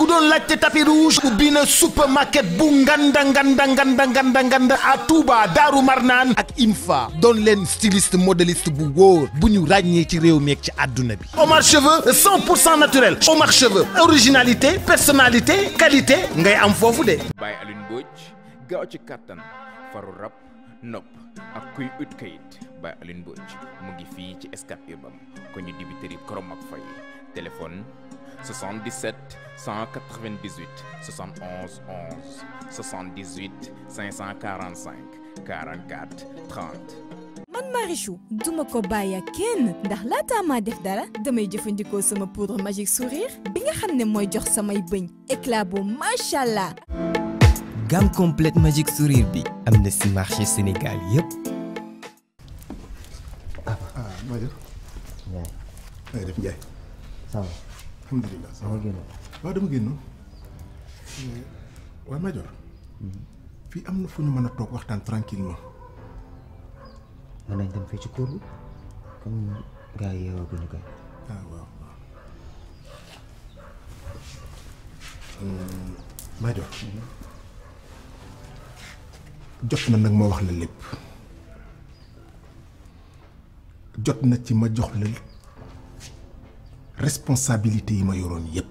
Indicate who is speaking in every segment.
Speaker 1: ku doon laajte tapis rouge ubbi na supermarket bu nganda nganda nganda nganda nganda A Touba Daaru Marnaan ak infa doon len styliste modéliste bu wóor bu ñu ràññee ci réew meeg ci àdduna bi Omar cheveux 100% naturel Omar cheveux originalité personnalité qualité ngay am fofu de Bay Alioune
Speaker 2: Mbodj gaaw ci katan faru rap Nop ak kuy ut kayit Bay Alioune Mbodj mu ngi fii ci Scat Urbam ko ñu dibiteri Korom ak Faye téléphone 77 198 71 11 78 545 44 30.
Speaker 3: man Marichou duma ko bàyyi ak kenn ndax laataa maa def dara damay jëfandikoo sama poudre magique sourire bi nga xam ne mooy jox samay bëñ éclat bu machallah
Speaker 4: gamme complète magique sourire bi am ci marché Sénégal yépp
Speaker 5: ah ah def ça waaw dama génn. waaw Major. Mhm. fii am na fu ñu mën a toog waxtaan tranquillement
Speaker 4: ci kóor ah, hmm, Major. Mhm.
Speaker 5: jot na nag ma wax la lépp. jot na ci ma jox la responsabilité yi ma yoroon yépp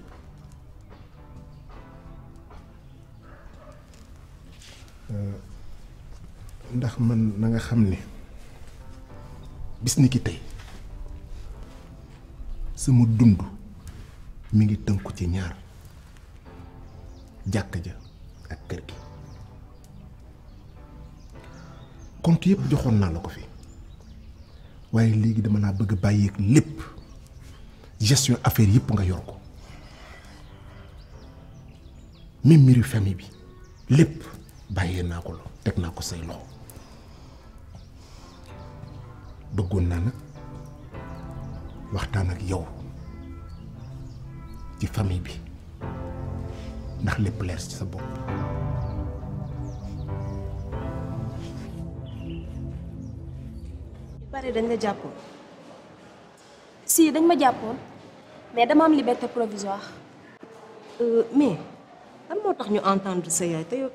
Speaker 5: euh, ndax man na nga xam bis ni ki tay sama dund mi ngi tënku ci ñaar jàkk ja ak kër gi compte yépp joxoon naa la ko fi waaye léegi dama bëgg bàyyeeg lépp gestion affaire yëpp nga yor ko même mbiru famille bi lépp bàyyee naa ko la teg naa ko say loxo bëggoon naa nag waxtaan ak yow ci famille bi ndax lépp leer ci sa bopp.
Speaker 6: pare dañ la jàppoon si dañ ma jàppoon. mais am liberté
Speaker 3: provisoire. Euh, mais entendre entendre après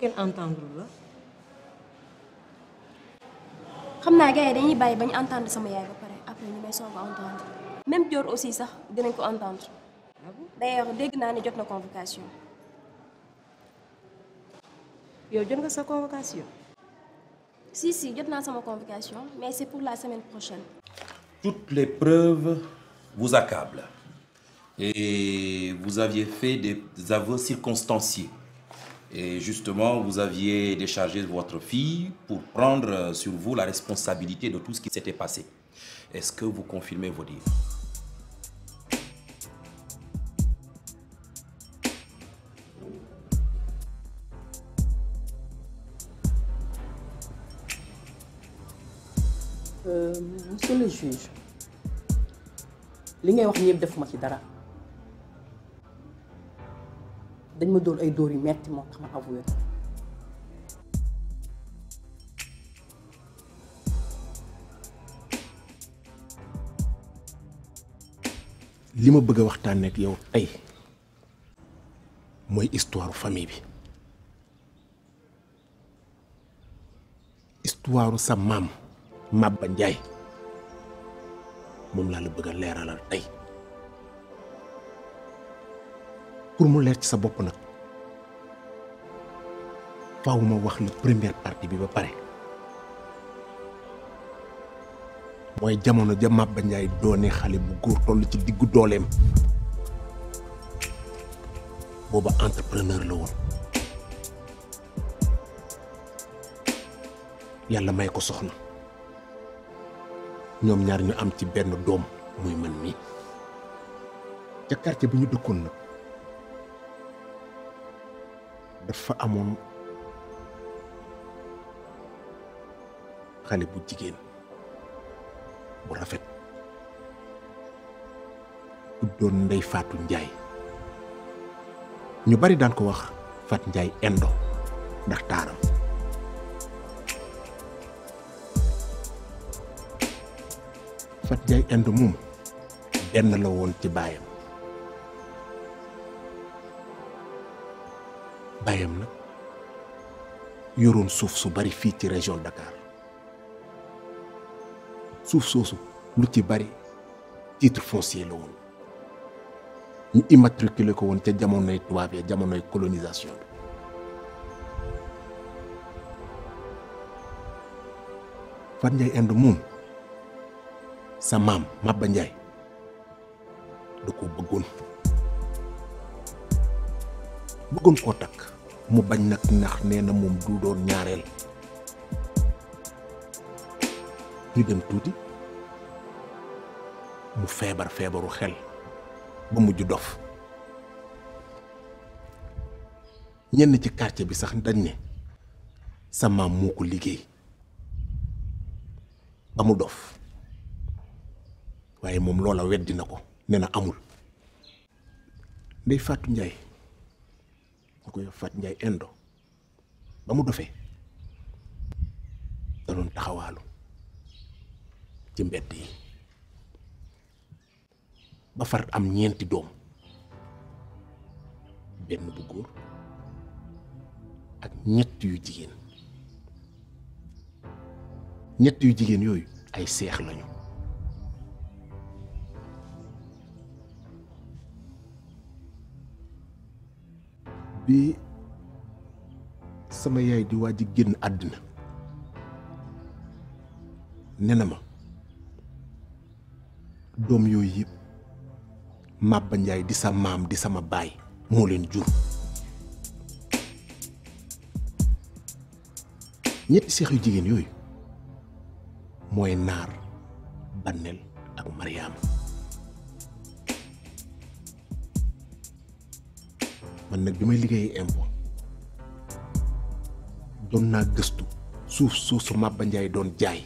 Speaker 6: même aussi d'ailleurs dégg que une convocation. yow avez convocation. si si j'ai reçu convocation mais c'est pour la semaine prochaine.
Speaker 7: toutes les preuves vous accablent et vous aviez fait des aveux circonstanciés. Et justement, vous aviez déchargé votre fille pour prendre sur vous la responsabilité de tout ce qui s'était passé. Est-ce que vous confirmez vos dires
Speaker 6: Monsieur le juge, ce que dañ ma dóor ay dóor yu metti moo tax ma avoué
Speaker 5: ko li ma bëgg a waxtaan ak yow tey mooy histoire famille bi histoire sa maam Maba Ndiaye moom laa la bëgg a leeralal tey pour mu leer ci sa bopp nag faaw wax la première partie bi ba pare mooy jamono ja Maba Njaay doone xale bu góor toll ci diggu dooleem booba entrepreneur la woon yàlla may ko soxna ñoom ñaar ñu am ci benn doom muy man mii ca quartier bi ñu dëkkoon nag dafa amon xale bu jigen bu rafet tuddoon Ndey fatou ndjay ñu bari daan ko wax Fat ndjay Endo ndax taaram Fat ndjay Endo mum ben la won ci bayam bàyyam nag yoroon suuf su bari fii ci région Dakar suuf soosu lu ci bari titre foncier la woon ñu immatriculé ko woon ca jamonoy tubaab ya jamonoy colonisation bi Fat Inde moom sa maam Maba Ndiaye da ko bëggoon bëggoon koo takk mu bañ nag ndax nee na moom du doon ñaareel ñu dem tuuti mu feebar feebaru xel ba mujj dof ñenn ci quartier bi sax dañ ne sa maam moo ko liggéey ba mu dof waaye moom loola weddi na ko nee na amul Ndeye Fatou Ndiaye ñu koy Fat Ndiaye Indo ba mu dofee da doon taxawaalu ci mbedd yi ba far am ñeenti doom benn bu góor ak ñett yu jigéen ñett yu jigéen yooyu ay seex lañu bi sama yaay di waji genn génn nena ma dom yoy yeb mabba nyaay di sa mam di sama bay mo len jur ñetti cheikh yu jigen yoy moy nar banel ak Mariama man nak bi liggey liggéeyee impôt doon naa gëstu suuf soosu mabba Ndiaye doon jaay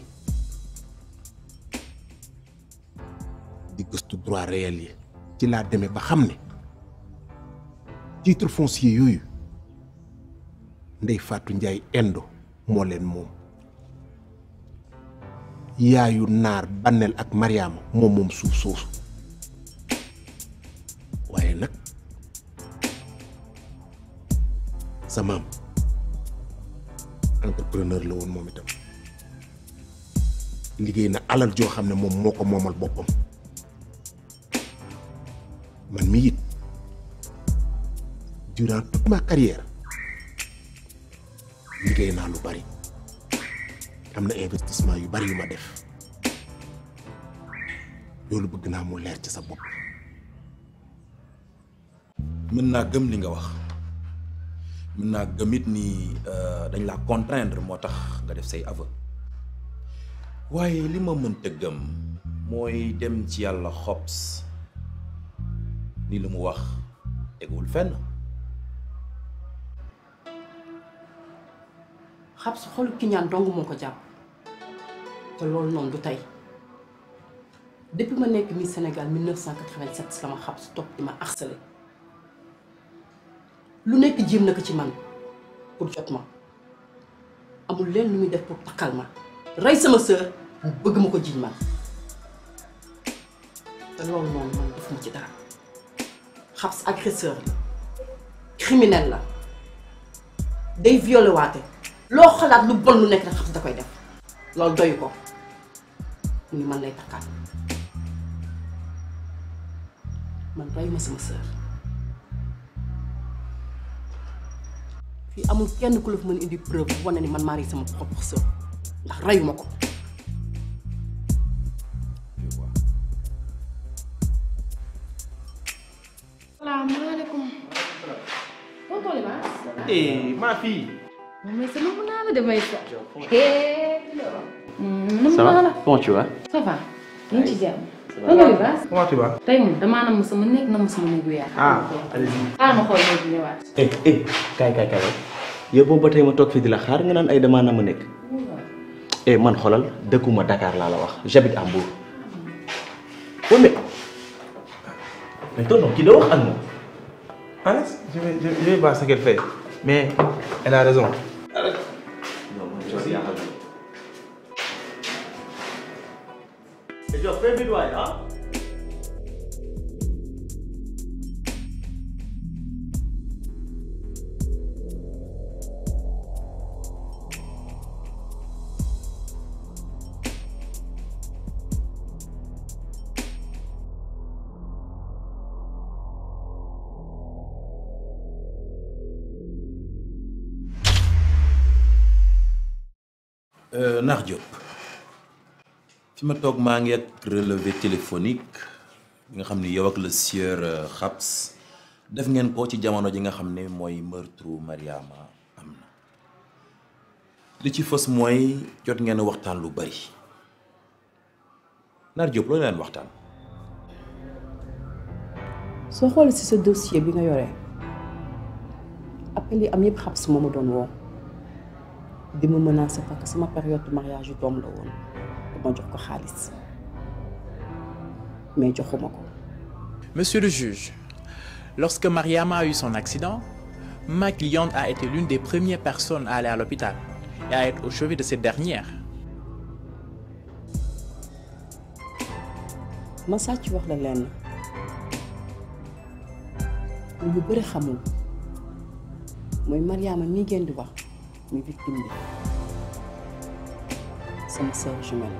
Speaker 5: di gëstu droit réel yi ci laa ba xam titre foncier yooyu Ndey Fatou Endo moo leen moom yaayu naar bànneel ak Mariama moom moom suuf soosu sa maam entrepreneur la woon moom itam liggéey na alal joo xam ne moom moo ko moomal boppam man mi it durant toute ma carrière liggéey naa lu bari am na investissement yu bari yu ma def loolu bëgg naa mu leer ci sa bopp. mën naa gëm li nga wax. mën naa gëmit ni euh,
Speaker 7: dañ la contraindre moo tax nga def say aveu waaye li ma mënta gëm mooy dem ci yàlla xobs ni lu mu wax teguwul fenn
Speaker 6: xabs xolu ñaan dong moo ko jàpp te loolu noonu du tey depuis ma nekk senegal mi Sénégal 1987 sama xabs topp di ma lu nekk jéem na ko ci man pour jot ma amul leen lu muy def pour takkal ma rey sama sœur bëgg ma ko jiiñ man te loolu noonu man def ma ci dara xabs agresseur la criminel la day violé loo xalaat lu bon lu nekk rek xabs da koy def loolu doyu ko mu ni man lay takkaat man reyuma sama sœur fii amul kenn ku la fi mën indi preuve bu wane ni man maa rey sama propre sœur ndax reyuma ko.
Speaker 8: salaamaaleykum. boo toolee ba. eh maa fii. mais sama mun naa la damay sa. eh. ça va bon tu vois. ça va ñu ngi ci jàmm. loolu baas.
Speaker 9: comment tu moom
Speaker 8: damaa nam sama nekk nam sama néegu yaa.
Speaker 9: ah allez-y. xaar
Speaker 8: ah, ma xool néeg bi ñëwaat.
Speaker 9: eh eh kaay kaay boobu ba ma toog fii di la xaar nga naan ay damaa nam ma nekk. eh man xolal dëkkuma Dakar laa la wax j'habite à Mbour. wala mais tonton kii da wax ak moom. Anas je vais je vais voir mais elle a raison.
Speaker 7: fi ma toog maa ngi ak relevé téléphonique bi nga xam ni yow ak le sieur Xabs euh, def ngeen ko ci jamono ji nga xam ne mooy meurtre Mariama am na li ci fës mooy jot ngeen waxtaan lu bari Naar Diop loolu leen waxtaan.
Speaker 6: soo xoolee ci sa dossier bi nga yore appel yi am yëpp Xabs moo ma doon woo di ma menacer parce que sama période mariage yu doom la woon. ma ko xaalis mais joxuma Monsieur le juge,
Speaker 2: lorsque Mariama a eu son accident, ma cliente a été l'une des premières personnes à aller à l'hôpital et à être au chevet de cette dernière.
Speaker 6: ma sàcc wax la lenn lu ñu bëri xamul mooy Mariama mii Mariam di wax muy victime c'est sœur jumelle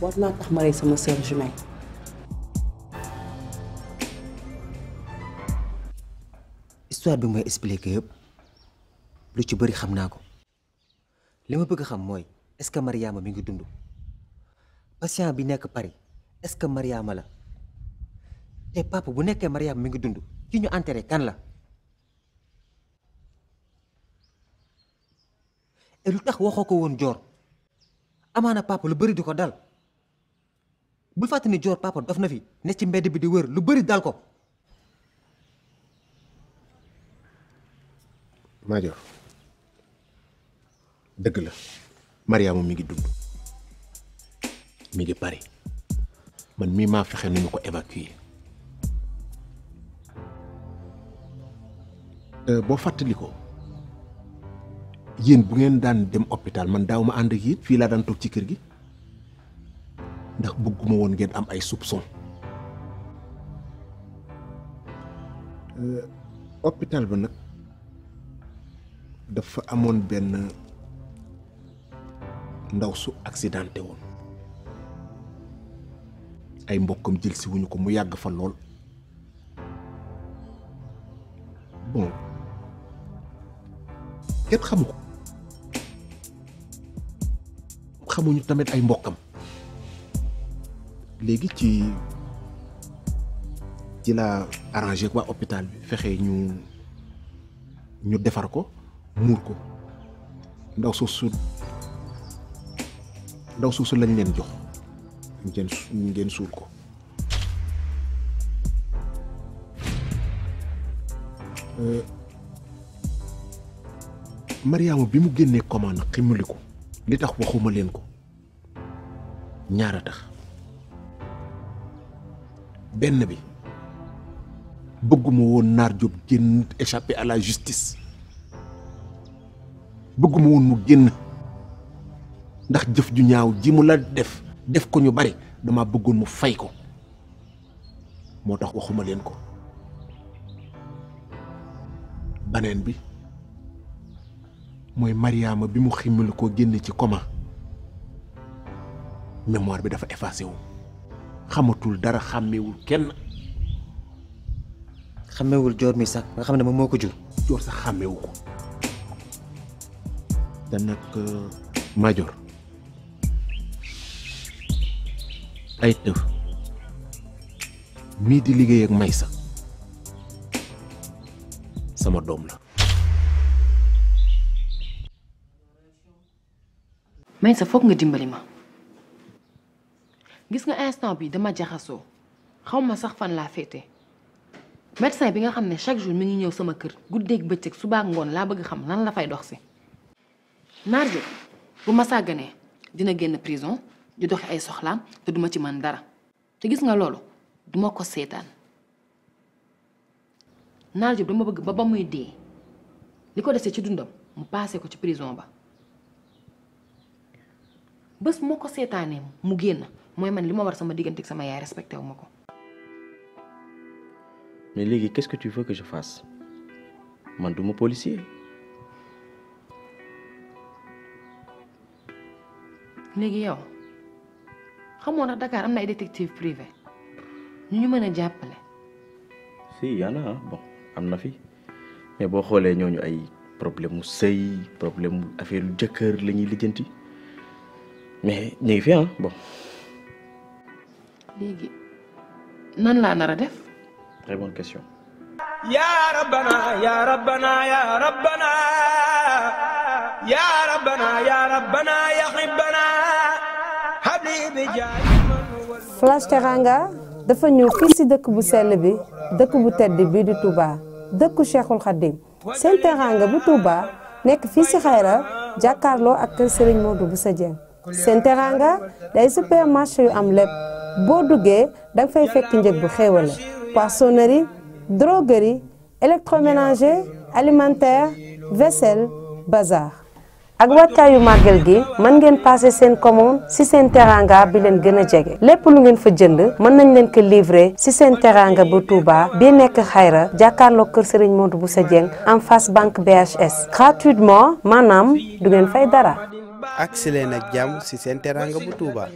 Speaker 6: war naa tax ma rey sama sœur jumelle
Speaker 4: histoire bi may expliqué yëpp lu ci bëri xam naa ko li ma bëgg xam mooy est-ce que Mariama mi ngi dund patient bi nekk Paris est-ce que Mariama la te papa bu nekkee Mariama mi ngi dund ki ñu enterré kan la et lu tax waxoo ko woon joor amaana papa lu bëri di ko dal bul fàttali joor papa dof na fi ne ci mbedd bi di wër lu bëri daal ko.
Speaker 5: Madior dëgg la Mariama mi ngi dund mi ngi Paris man mii maa fexe nu ñu ko évacuer euh, boo fàttali ko yéen bu ngeen daan dem hôpital man daaw ma ànd ak yéen fii laa daan toog ci kër gi. ndax bëgguma woon ngeen am ay soupçon euh, hôpital ba nag dafa amoon benn ndaw su accidenté woon ay mbokkam jël ko mu yàgg fa lool bon kenn xamu ko xamuñu tamit ay mbokkam léegi ci ci la arrangé waa hôpital bi fexee ñu ñu defar ko muur ko ndaw suuf su ndaw suuf lañ leen jox ngeen ngeen suul ko Mariama bi mu génnee commande ximali ko li tax waxuma leen ko ñaara tax benn bi bëgguma woon naar Jóob génn échappé à la justice bëgguma woon mu génn ndax jëf ju ñaaw ji mu la def def ko ñu bari dama bëggoon mu fay ko moo tax waxuma leen ko baneen bi mooy Mariama bi mu ximmil ko génn ci coma mémoire bi dafa effacé wu xamatul dara xàmmewul kenn.
Speaker 4: xàmmewul joor mi sax nga xam ne moom moo ko jur. joor sax xàmmewu ko. te euh,
Speaker 5: major ay tëf mii di liggéey ak may sax sama doom la.
Speaker 8: may sa foog nga dimbali ma. gis nga instant bi dama jaxasoo xaw ma sax fan laa féete médecin bi nga xam ne chaque jour mi ngi ñëw sama kër guddeeg bëccëg suba ak ngoon laa bëgg xam lan la fay dox si Nardi bu ma sàgganee dina génn prison di doxi ay soxlaam te duma ci mën dara te gis nga loolu duma ko seetaan Nardi dama bëgg ba ba muy dee li ko desee ci dundam mu paase ko ci prison ba bés moo ko seetaanee mu génn mooy man li war sama diggante sama yaay respecté wumako
Speaker 9: mais légui qu'est-ce que tu veux que je fasse man douma policier.
Speaker 8: légui yow xamo nak Dakar amna ay détective privé ñu ñu mëna jappalé
Speaker 9: si yana bon amna fi mais bo xolé ñoñu ay problème sey problème affaire lu jëkkër la mais ñi fi hein bon.
Speaker 8: léegi nan laa
Speaker 3: dafa ñëw fii ci dëkk bu sell bi dëkk bu tedd bii di Touba dëkku Cheikhul Khadim seen teranga bu Touba nekk fii si xayra jàkkaarloo ak kër Serigne Modou Bousso Dieng seen teranga day supermarché yu am lépp. boo duggee vous fay fekk njëg bu poissonnerie droguerie électroménager alimentaire vaisselle bazar. ak wàccaayu màggal gi mën ngeen passé seen commande ci seen teranga bi leen gën a jege lépp lu ngeen fa jënd mën nañ leen ko livrer ci bu Touba bi en face banque BHS gratuitement maanaam du ngeen dara.
Speaker 9: agsi leen ak ci seen teraanga bu Touba.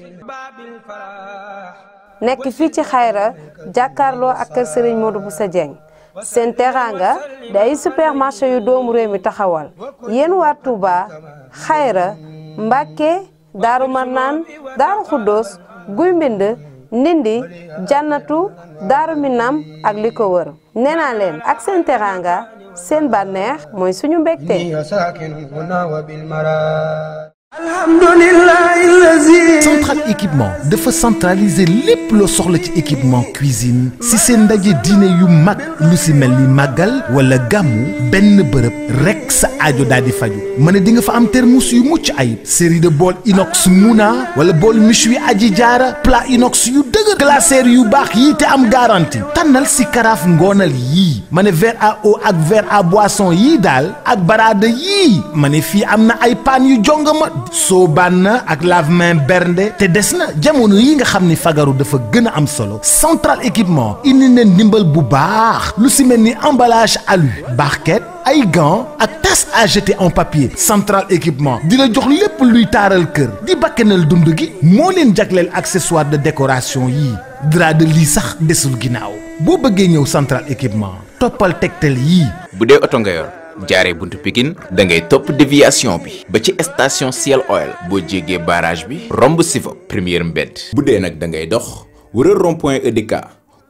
Speaker 3: nekk fii ci xayra jàkkarloo ak kër Serigne Modou Bousso Dieng seen teraanga day supermarché yu doomu réew mi taxawal yéen waa Touba xayra Mbàkke Daaru Marnaan Daaru Xuddoos Guy Mbind Ndindi Jannatu Daaru Minam ak li ko wër nee naa leen ak seen teraanga seen bànneex mooy suñu mbégte central
Speaker 1: équipement De dafa centraliser les lo soxla ci équipement cuisine si c'est ndaje dîner, yu mag lu si mel ou wala gamu ben beurep rek sa aajo daal di faju mané di nga fa am thermos yu mucc ayib série de bol inox muna wala le bol aji jara plat inox yu dëgër glacière yu bax yi té am garantie Tanal si carafe ngonal yi Mané verre à eau ak verre à boisson yi dal ak baraada yii Mané fi am na ay paan yu jongama Soban ak lave-main bernde te des na jamono yi nga xamni fagarou dafa gëna am solo central équipement indi na ndimbal bu baax lu ci melni emballage alu barquette ay gants ak tasse à jeter en papier central équipement di la jox lepp luy taral kër di bakkanal dund gi mo leen accessoire de décoration yi dra de lit sax dessul ginaaw central équipement Topal tectel yi
Speaker 2: bu jaaree buntu Pikine da ngay top déviation bi ba ci station Ciel Oil bo jéggee barrage bi romb sifa première mbedd bu nak da ngay dox wëral rond-point e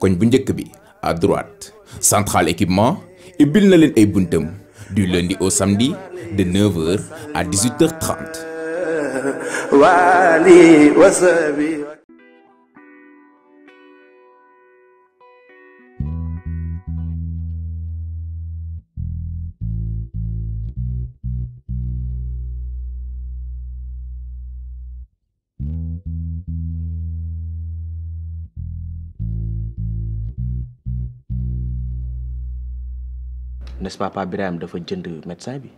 Speaker 2: koñ bu bi à droite central équipement ibbil na leen ay buntam du lundi au samedi de 9h à 18h30.
Speaker 9: n'est-ce pas Pape Birahim dafa jënd médecin bi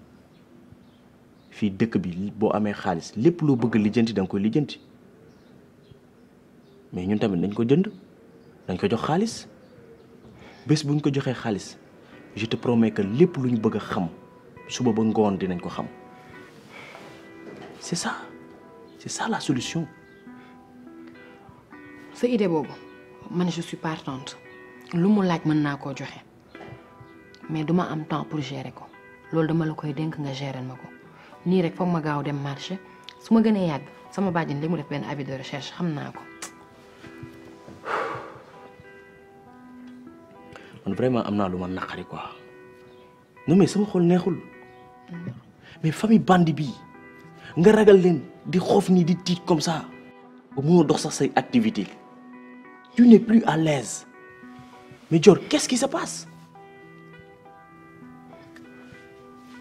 Speaker 9: fi dëkk bi bo amé xaaliss lepp loo bëgg lijjanti da nga koy lijjanti mais ñun tamit dañ ko jënd dañ ko jox xaaliss bës buñ ko joxé xaaliss je te promets que lepp lu bëgg xam suba ba ngon dinañ ko xam c'est ça c'est ça la solution.
Speaker 8: sa idée bobu man je suis partante lu mu laaj man na ko joxé mais duma am temps pour gérer ko que dama la koy je nga gérer Je Ni rek dem marché Si je un avis de recherche Je ne sais..!
Speaker 9: vraiment am naa pas quoi non mais sama mais famille bandi Tu nga di ni comme ça activité tu n'es plus à l'aise mais Dior qu'est-ce qui se passe.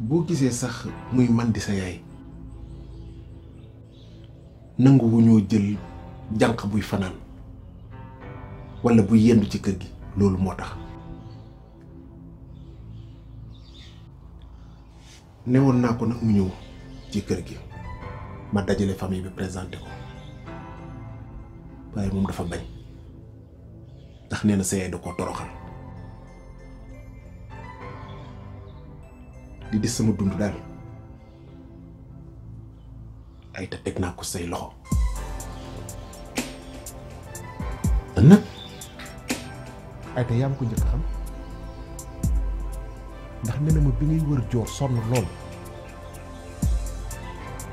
Speaker 5: boo gisé sax muy man di sa yaay nanguwu wuñu jël jank buy fanaan wala bu yendu ci kër gi loolu moo tax newoon naa ko nag mu ñëw ci kër gi ma dajale famille bi présenté ko waaye moom dafa bañ ndax nee na sa yaay da toroxal di di sama dundu dal ay ta tek naa ko say loxo te ay ta yam ko ñëk xam ndax nee ma bi ngay wër jor sonn lool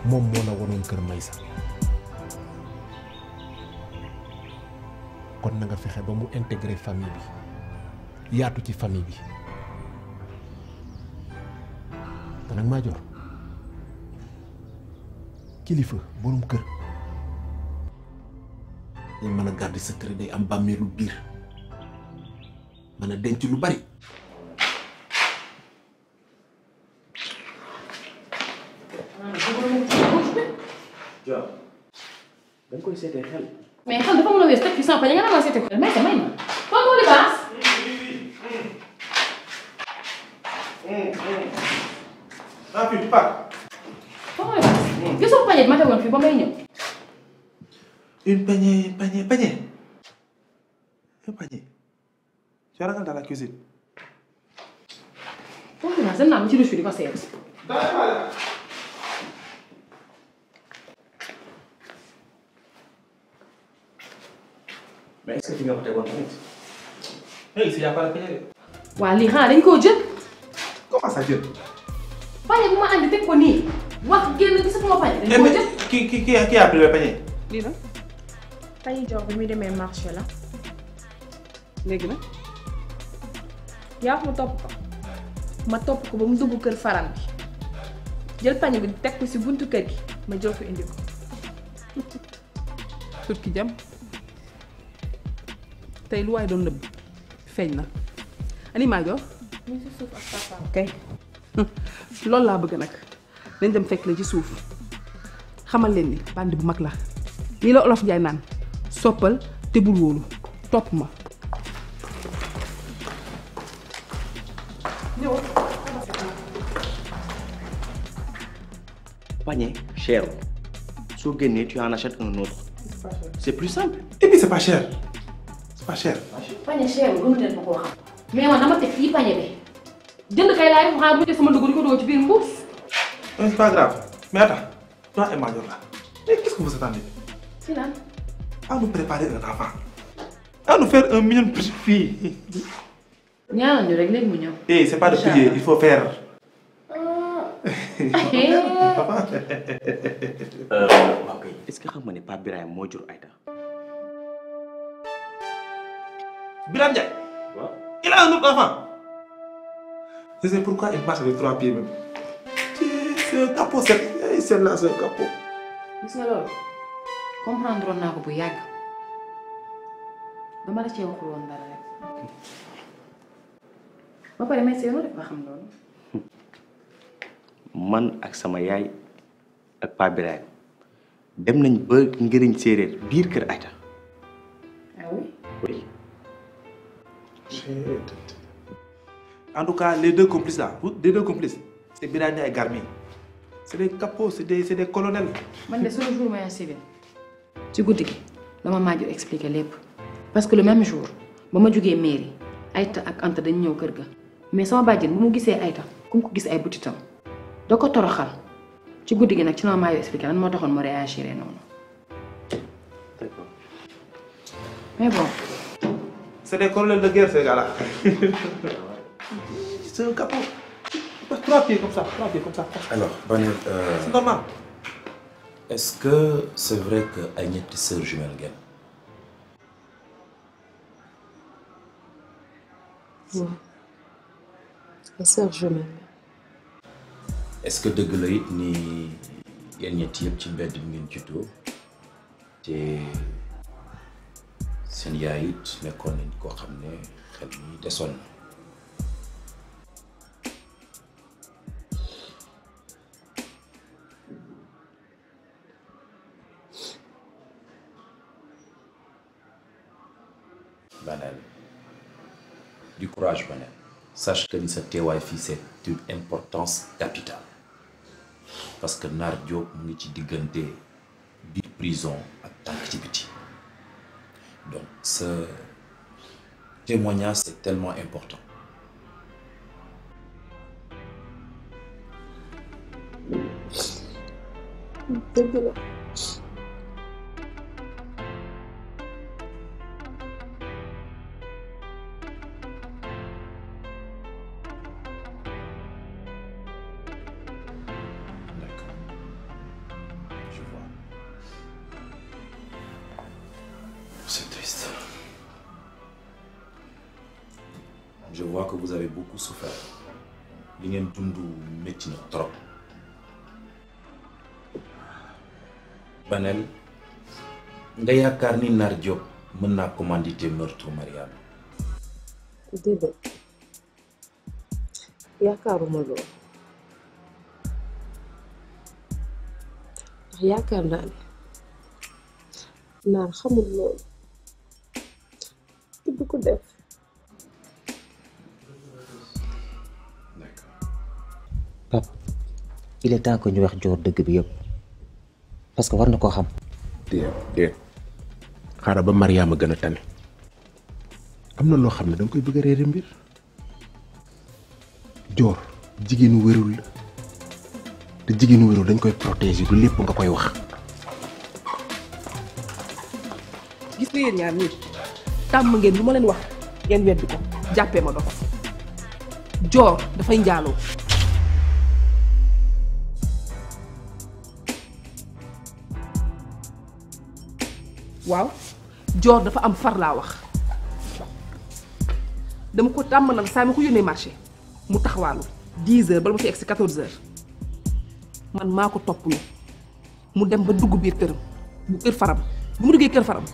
Speaker 5: mom mo la wonon kër may kon na nga fexé ba mu intégrer famille bi yaatu ci famille bi te nag maa kilifa borom kër dañ mën a garder secret day am bàmmeelu biir mën a denc lu bari dañ
Speaker 6: mais
Speaker 8: xel dafa mën a wees teg fi sans pa nga naa ma seetee xel mais may ma
Speaker 5: panier, panier, panier.
Speaker 8: Un panier. Tu rentres dans la cuisine. Pourquoi tu n'as pas de chute de cassette
Speaker 9: Mais est-ce que tu m'as pas de bonne
Speaker 7: Hey, c'est pas la panier.
Speaker 8: Ouais, l'Iran, il y a Comment ça, Dieu Panier, comment on dit que tu es connu Moi, je ne sais pas comment panier.
Speaker 7: Qui a appelé le panier
Speaker 6: Lina tay jox bi mi démé marché la. légui na yaa ma top ko. ma top ko ba dugg kër faram bi jël pañe bi tek ko ci buntu kër gi ma jox ko indi ko. ki jam tay lu way do neub feñ na ma jox. mu ci suuf ak papa ok lool la bëgg nak nañ dem fekk la ci suuf xamal leen ni bande bu mag la ni la olof jay nan soppal te bul top ma.
Speaker 9: panier cher so génnee tu en achètes un autre
Speaker 5: c'est plus simple. et puis c'est pas cher c'est pas cher.
Speaker 8: panier cher lu ne leen ko wax. mais man dama te fi panier bi jënd kay laay on bu dee sama dugub ko dugal ci bir mbuus.
Speaker 5: c'est pas grave mais attends toi et major là mais qu'est-ce que vous attendez. C'est là à nous préparer un enfant,
Speaker 8: à nous faire un million de filles. Nia, rek léegi mu ñëw. eh c'est pas de
Speaker 5: prier il faut faire.
Speaker 4: papa.
Speaker 9: Euh, est-ce que xam nga ne bien, Birahim jour de Aïda. Birame Ndiaye.
Speaker 5: Quoi..? il a un autre enfant. je sais pourquoi il passe avec trois pieds même.
Speaker 9: c'est un capot c'est eh, c'est là c'est un capot.
Speaker 8: C'est nga comprendre na ko bu yag dama la cee waxul woon dara rek ba pare may seenu rek ba xam loolu
Speaker 9: man ak sama yaay ak Pa Birahim dem nañ ba ngëriñ séeréer biir kër ayta
Speaker 5: ah oui en tout cas les deux complices là les deux complices c'est Birahim ay Garmi c'est des capots c'est des c'est des colonels
Speaker 8: man de sunu jour un civil ci guddi gi la ma maajur expliqué lépp parce que le même jour ba ma jógee mairie ayta ak Anta dañu ñëw kër ga mais sama bàjjen bu mu gisee ayta ku mu ko gis ay butitam da ko toroxal ci guddi gi nag ci la ma maajur expliqué lan moo taxoon ma réagiré noonu
Speaker 7: mais bon. c'est des problèmes de guerre ces gars-là.
Speaker 5: c'est un capot. Trois pieds comme ça, trois pieds
Speaker 9: comme ça. Alors,
Speaker 7: bonne. Euh... C'est normal. Est-ce que c'est vrai que Agnès est sœur jumelle
Speaker 6: Oui. La sœur jumelle.
Speaker 7: Est-ce que de la it ni yeen ñet yëpp ci mbedd ngeen juddoo te seen yaay it nekkoon nañ koo xam ne xel mi desoon du courage sache que ce TYFI, c'est une importance capitale parce que Nardio. de prison à donc ce témoignage c'est tellement important nga yaakaar ni Naar Diop mën naa commandité meurtre mariam
Speaker 8: dede yaakaaruma loolu ndax yaakaar naa
Speaker 6: ne xamul lo te ko def
Speaker 4: papa il est temps que ñu wax joor dëgg bi yëpp parce que war na koo xam
Speaker 5: déet déet xaaral ba Mariama gën a tane
Speaker 4: am na loo xam ne danga koy
Speaker 5: bëgg a réere mbir joor jigéenu wérul la te jigéenu wérul dañ koy protéger du lépp nga koy wax
Speaker 6: gis nga yéen ñaar nii tàmm ngeen lu ma leen wax ngeen weddi ko jàppee ma dof joor dafay njaaloo waaw jor dafa am far la wax dama ko tam nak saa ma ko yónnee marché mu taxawaalu 10 h bala ma ci egg 14 h man mako top lu mu dem ba dugg biir këram bu keur faram bu mu duggé keur faram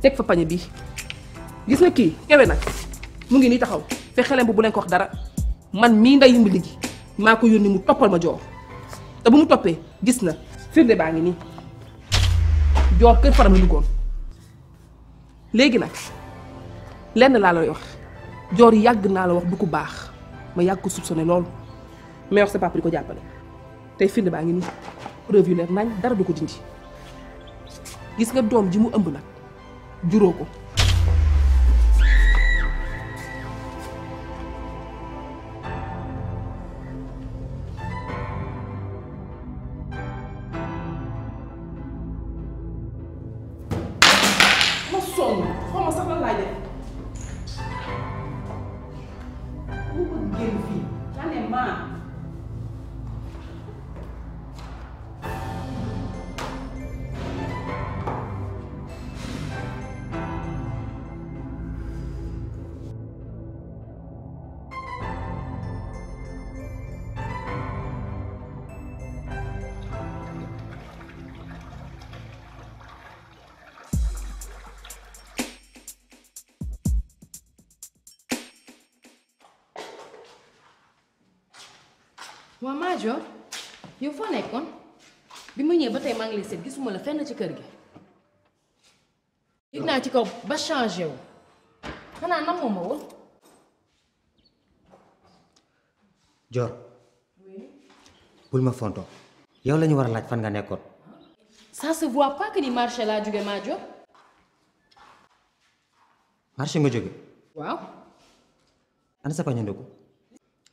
Speaker 6: tek fa pañe bi gis na ki kewé nak mu ngi ni taxaw fe xelam bu bu len ko wax dara man mi nday yumbi ligi mako yoni mu topal ma jor te bu mu topé gis na firnde baangi ni jor keur faram lu duggoon léegi nag lenn laa lay wax joor yàgg naa la wax du ku baax ma yàgg ko soupçonné loolu mais wax sa papa di ko jàppale tey firnde baa ngi nii preuve yu leer nañ dara du ko dindi gis nga doom ji mu ëmb nag juróo ko
Speaker 8: wa major yo foo nekkon bi ma ñëwee ba tay ma ngi lay gisuma la fenn ci kër gi yëg na ci ko ba changer wu xana namoo ma woon
Speaker 4: Jor, bul ma fonto yow lañu wara laaj fan nga nekkoon
Speaker 8: ça se voit pas que ni marché laa jóge major marché nga jóge waaw
Speaker 4: ana sa pañandiku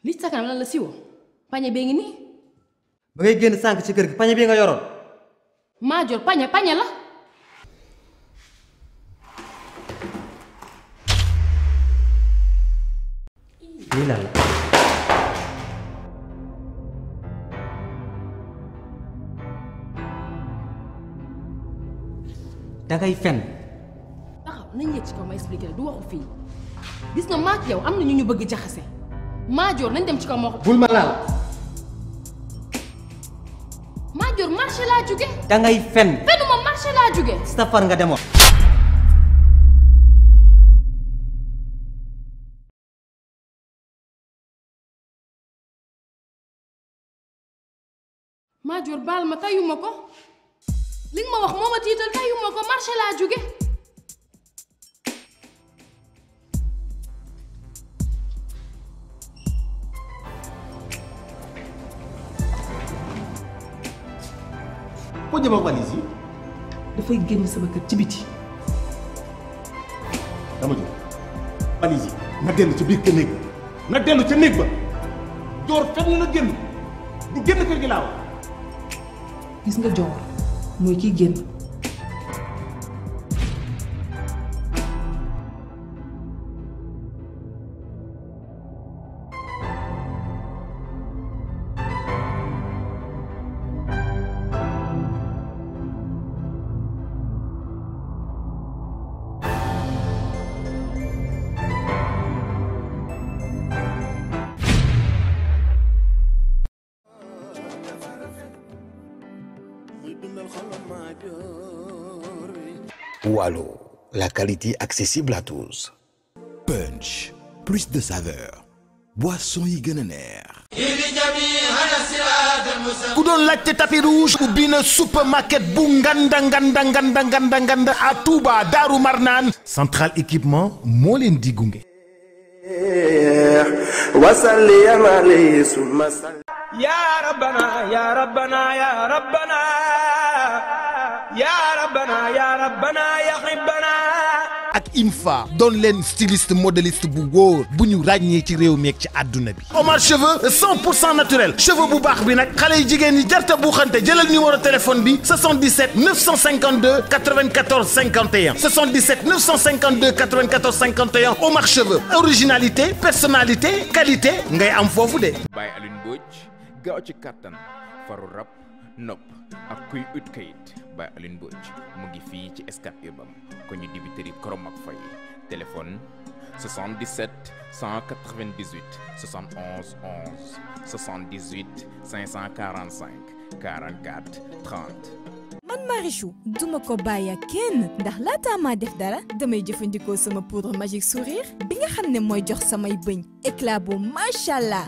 Speaker 8: li sa kanam lan la siwo Panya bee ngi nii
Speaker 4: ba ngay génn sànq ci kër gi pañe bi nga lah.
Speaker 8: maa jor pañe pañe la
Speaker 4: lii da ngay fen
Speaker 8: taxaw nañ yegg ci kaw ma expliqué du waxu fii gis nga maak yow am na ñu ñu bëgg jaxase maa jor nañ dem ci kaw ma bul ma laal marché laa jóge
Speaker 4: da fen
Speaker 8: fenu ma laa jóge
Speaker 4: safar nga demoon
Speaker 8: Madior baal ma tayuma ko li ma wax moo ma tiital tayuma ko marché laa jóge
Speaker 6: sama valise dafay génn sama kër ci biti.
Speaker 5: dama jóg valise yi na dellu ci biir kër néeg na dellu ca néeg ba
Speaker 6: joor fenn na génn du génn kër gi laa wax gis nga joor mooy kiy génn.
Speaker 1: Boileau, la qualité accessible à tous. Punch, plus de saveur. Boisson yi gën a neex ku doon laajte tapis rouge ubbi na supermarket bu nganda nganda nganda nganda nganda à Touba Daaru central équipement molin leen Wassali gunge
Speaker 7: wasallimalay suma ya rabbana
Speaker 9: ya rabbana ya rabbana Yarabana, rabbana
Speaker 1: ak infa don len styliste modéliste bu wóor bu ñu ci rew Omar cheveux 100 naturel cheveux bu baax bi nak xalé jigen ni jarta téléphone bi 77 952 94 51 77 952 94 51 Omar cheveux originalité personnalité qualité ngay am vous de.
Speaker 2: bay gaw ci faru nopp ak kuy ut kayit by Il boch. mu ngi fii ci escape Urbam ko ñu dibiteri Korom ak fay téléphone 77 198 71 11 78 545 44 30
Speaker 3: man Marichou duma ko baye ak kenn ndax laataa ma def dara damay jëfandikoo sama poudre magique sourire bi nga xam ne mooy jox samay bëñ éclat bu machallah